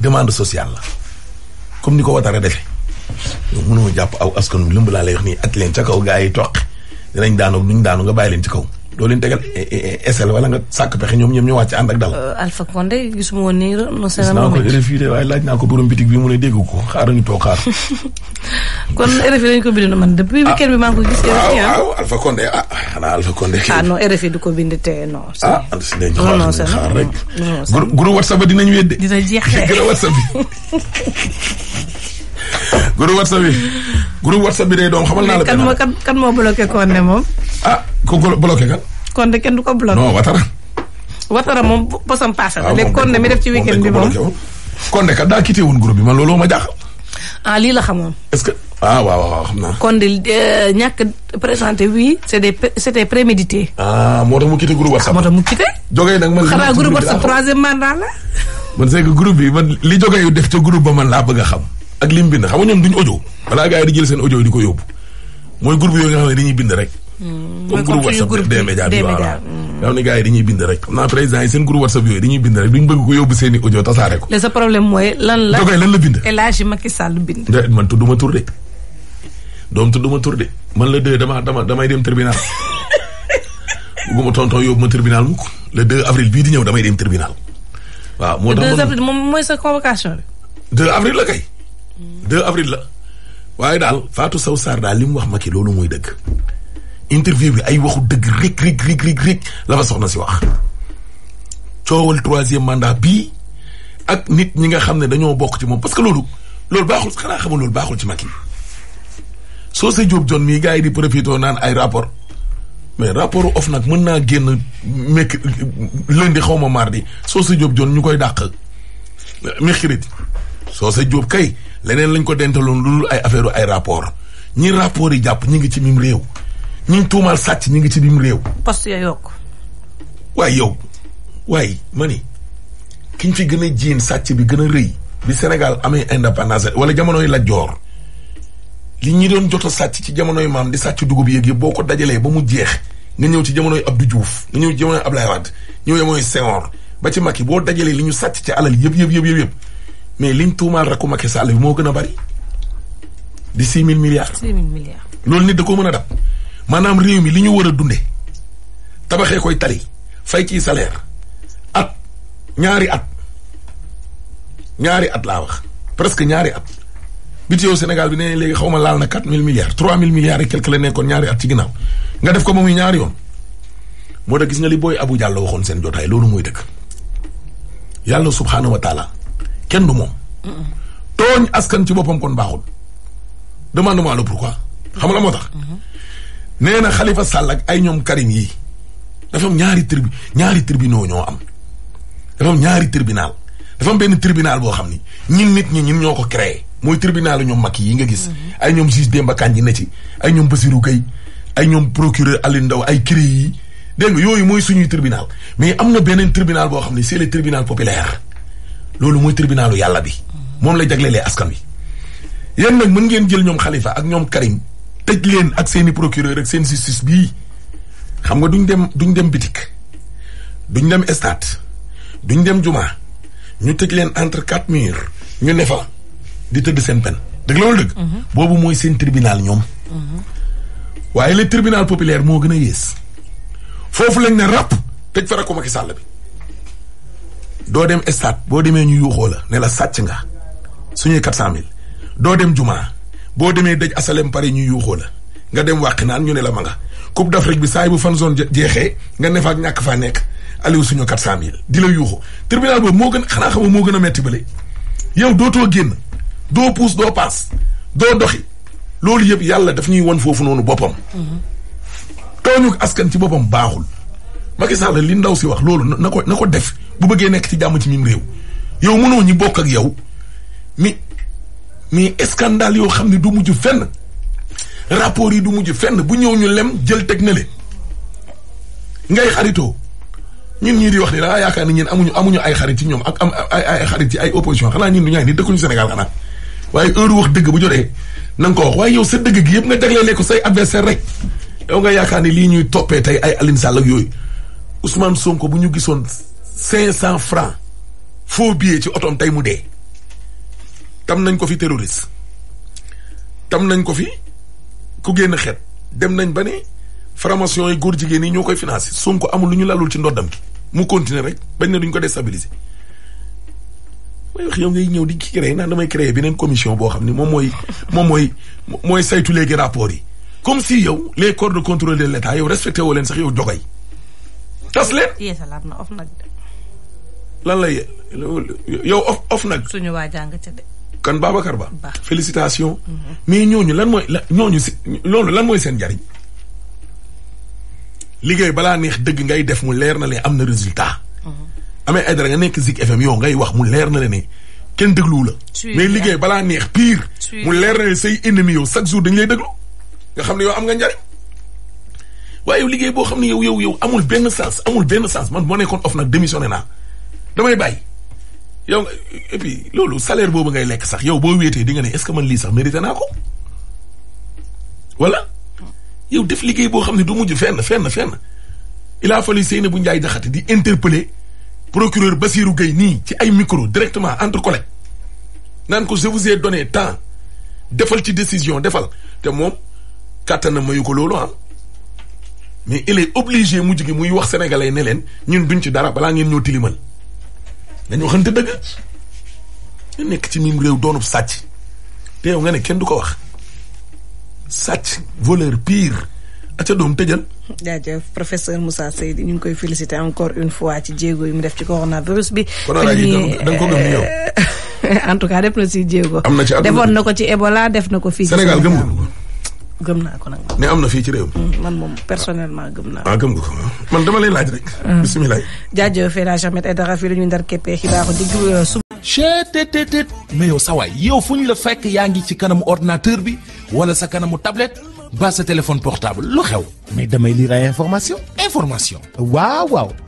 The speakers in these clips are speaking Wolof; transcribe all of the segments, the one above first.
demande sociale la comme ni ko watara defee yow mënoo jàpp aw askan wi lëmb laa lay wax nii leen ca kaw gaa yi toq dinañ daanu duñ daanu nga bàyyi leen ci kaw doo leen tegal eh, eh, eh, esel wala nga sàkk pexe ñoom ñoom ñu wàcc ànd ak dal. Euh, Alpha Condé gisuma woon nii non c'est vraiment. gis naa ko RFI de waaye laaj naa ko borom bitig bi mu ne dégg ko xaar. rek. groupe WhatsApp dinañu dina jeexee groupe WhatsApp bi. WhatsApp bi. groupe WhatsApp bi day doon xamal naa la. kan moo kan moo bloqué Condé moom. ah ku ko bloqué kan. kon de kenn du ko bloqué. non Watara. Watara moom bosam kon de mi def ci weekend bi moom. kon de kat daa quitté woon groupe bi man looloo ma jaaxal. ah lii la xamoon. est-ce que ah waaw waaw xam naa. kon de euh, ñàkk présenté oui c' est des c' était prémédité. ah moo tax mu quitté groupe WhatsApp. ah moo tax mu quitté. jogay nag ah. la. man c'est que groupe bi man li jogay yu def ca groupe ba man laa bëgg a xam. ak lim bind xam nga duñ audio balaa gars di jël seen audio di ko yóbbu mooy groupe yooyu nga xam ne dañuy bind rek. Mm. comme groupe WhatsApp des médias bi voilà mm. xam ne yi dañuy bind rek xam naa président yi seen groupe WhatsApp yooyu dañuy bind rek duñ bëgg ko yóbbu seen i audio tasaare ko la sa problème mooy lan la dokoy lan la bind El Hadji Macky Sall bind man tudduma de doom tudduma tur de man la deux dama dama damay dem tribunal bugguma tonton yóbbu ma tribunal mukk le 2 avril bii di ñëw damay dem waaw moo tax 2 avril moom mooy sa convocation bi 2 la kay de avril la waaye daal Fatou Sow Sarr daal li mu wax ki loolu mooy dëgg interview bi ay waxu dëgg rik rik rik rik rik la fa soxna si wax coowal troisième mandat bii ak nit ñi nga xam ne dañoo bokk ci moom parce que loolu loolu baaxul xanaa xamul loolu baaxul ci Macky soo sa Diop John mii gars yi di profité naan ay rapport mais rapport of nag mën naa génn mekk lundi xaw ma mardi soo sa Diop John ñu koy dàq mercredi soo sa Diop kay leneen lañ ko dentaloon loolu ay affaire ay rapport ñi rapport yi jàpp ñu ngi ci mim réew ñu tuumaal sàcc ñu ngi ci biir réew. poste ya yokk. waaye yow waaye ma ni ki ñu fi gën a jiin sàcc bi gën a rëy. bi Sénégal amee indépendance wala jamonoy la joor li ñu doon jot a sàcc ci jamonoy maam di sàcc dugub yéeg yi boo ko dajalee ba mu jeex nga ñëw ci jamonoy Abdou Diouf nga ñëw ci jamonoy Abdoulaye Wade ñëw jamonoy Senghor ba ci yi boo dajalee li ñu sàcc ci alal yëpp yëpp yëpp yëpp mais liñ tuumaal rakku Macky Sall bi moo gën a bari di six mille milliards. loolu nit da koo mën a dab. maanaam réew mi li ñu war a dunde tabaxee koy tali fay ciy salaire at ñaari at ñaari at laa wax presque ñaari at budget Sénégal bi ne léegi xaw ma laal na quatre mille milliards trois mille milliards et quelque la nekkoon ñaari at ci ginnaaw nga def ko ba muy ñaari yoon moo tax gis nga li booy Abu Diallo waxoon seen jotaay loolu mooy dëkk yàlla subhaanahu wa kenn du moom tooñ askan ci boppam kon baaxul demande-moi le pourquoi xam la moo tax nee na Khalifa Sall ak ay ñoom Karim yii dafa am ñaari tribu ñaari tribunaux ñoo am dafa am ñaari tribunal dafa am benn tribunal boo xam ni ñun nit ñi ñun ñoo ko créé mooy tribunal ñoom mag yi nga gis. Mhm. ay ñoom juge Demba Kandji ne ci ay ñoom Basirou Gueye ay ñoom procureur Alioune Ndao ay CREI dégg nga yooyu mooy suñuy tribunal mais am na beneen tribunal boo xam ne c'est le tribunal populaire loolu mooy tribunalu yàlla bi. Mhm. moom lay jaglelee askan wi. yéen nag mën ngeen jël ñoom xalifa ak ñoom Karim. tëj leen ak seeni i procureur ak seen justice bii xam nga duñ dem duñ dem bitik duñ dem stade duñ dem juma ñu tëj leen entre quatre murs ñu ne fa di tëdd seen peine dëgg la wala dëgg. Mhm. boobu mooy seen tribunal ñoom. Mhm. waaye le tribunal populaire moo gën a yées foofu lañ ne rap tëj fa ko Macky Sall bi doo dem stade boo demee ñu yuuxoo la ne la sàcc nga suñuy quatre mille doo dem juma boo demee daj asalem pare ñu yuuxoo la nga dem wàq naan ñu ne la ma nga coupe d'Afrique bi saay bu fan zone jeexee nga ne fa ñàkk faa nekk aliou suñu quatre cent di la yuuxu tribunal boobu moo gën xanaa xam moo gën a metti bale yow dootoo génn doo puus doo paas doo doxi loolu yëpp yàlla daf ñuy won foofu noonu boppam tooñu askan ci boppam baaxul Macky Sall li ndaw si wax loolu na ko na ko def bu bëggee nekk ci jàmm ci mim réew yow mënoo ñi bokk ak yow mais scandale yoo xam ne du mujj fenn rapport yi du mujj fenn bu ñëw ñu lem jël teg na le ngay xaritoo ñun ñii di wax ni dangaa yaakaar ni ñun amuñu amuñu ay xarit ci ñoom ak am ay ay xarit ci ay opposition xanaa ñun du ñaay ni dëkkuñu Sénégal xanaa waaye heure wax dëgg bu jotee na ko wax waaye yow sa dëgg gi yëpp nga jaglelee ko say adversaire rek yow nga yaakaar ni lii ñuy toppee tey ay Aline Sall ak yooyu Ousmane ko bu ñu gisoon cinq cent francs faux billet ci otoom tey mu dee tam nañ ko fi terroriste tam nañ ko fi ku génn xeet dem nañ ba ne formation yi góor jigéen yi ñoo koy financé Sonko amul lu ñu lalul ci ndoddam gi mu continuer rek bañ na duñ ko déstabiliser mooy wax yow ngay ñëw di ci créé naan damay créé beneen commission boo xam ni moom mooy moom mooy mooy saytu léegi rapport yi comme si yow les corps de contrôle de l' état yow respecté woo leen sax yow jogay tas leen lan lay yow of of nag suñu waa jàng ci de kan Babacar Ba. félicitation. Mhm. mais ñooñu lan mooy la ñooñu si loolu lan mooy seen njariñ liggéey balaa neex dëgg ngay def mu leer na leen am na résultat. Mhm. amee ay nga nekk Zik FM yow ngay wax mu leer na leen ne kenn dégluwu la. mais liggéey balaa neex pire. mu leer na leen say ennemi yow chaque jour dañu lay déglu nga xam ne yow am nga njariñ waaye yow liggéey boo xam ne yow yow yow amul benn sens amul benn sens man moo nekkoon of nag démissionné naa damay bàyyi. yow et loolu salaire boobu ngay lekk sax yow boo wéetee di nga ne est-ce que man lii sax mérité naa ko voilà yow def liggéey boo xam ne du mujj fenn fenn fenn il a fallu Seynabou Ndiaye Diakhaté di interpeller procureur Bassirou Gueye nii ci ay micro directement entre collègues naan ko je vous ai donné temps defal ci décision defal te moom kàttanam mayu ko loolu am ah. mais il est obligé mujj gi muy wax sénégalais ne leen ñun duñ ci dara balaa ngeen ñoo tilimal dañu waxante dëgg nga nekk ci mim réew doonub sàcc te yow nga ne kenn du ko wax sac voleur pire aca doom tëjal jaajëf professeur Moussa Seydi ñu ngi koy féliciter encore une fois ci jéego yi mu def ci coronavirus bi da nga ko gëm yow euh, en tout cas def na si jéego defoon na ko ci Ebola def na ko fii Sénégal gëm gëm naa ko nag. ne am na fii ci réew mi. Mm, man moom personnellement gëm naa ko. ah gëm nga ko ah. man dama lay laaj rek. Mm. bisimilah. jaajëf El Hadj Ahmed Aidara fii la ñuy ndar képpee xibaaru digg euh, su. cheetetetet mais yow sa waay yow fu ñu la fekk yaa ngi ci kanamu ordinateur bi wala sa kanamu tablette ba sa téléphone portable lu xew. mais damay lire ay information information. waaw waaw.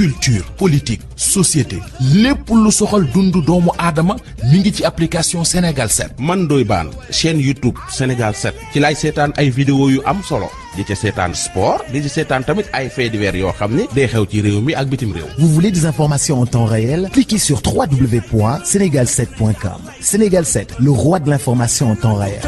culture politique société lépp lu soxal dundu doomu aadama mi ngi ci application Sénégal 7. man doy baan chaîne YouTube Sénégal 7 ci laay seetaan ay vidéo yu am solo di ca seetaan sport di ci seetaan tamit ay faits divers yoo xam ni day xew ci réew mi ak bitim réew. Vous voulez des informations en temps réel? Cliquez sur www.senegal7.com. Sénégal 7, le roi de l'information en temps réel.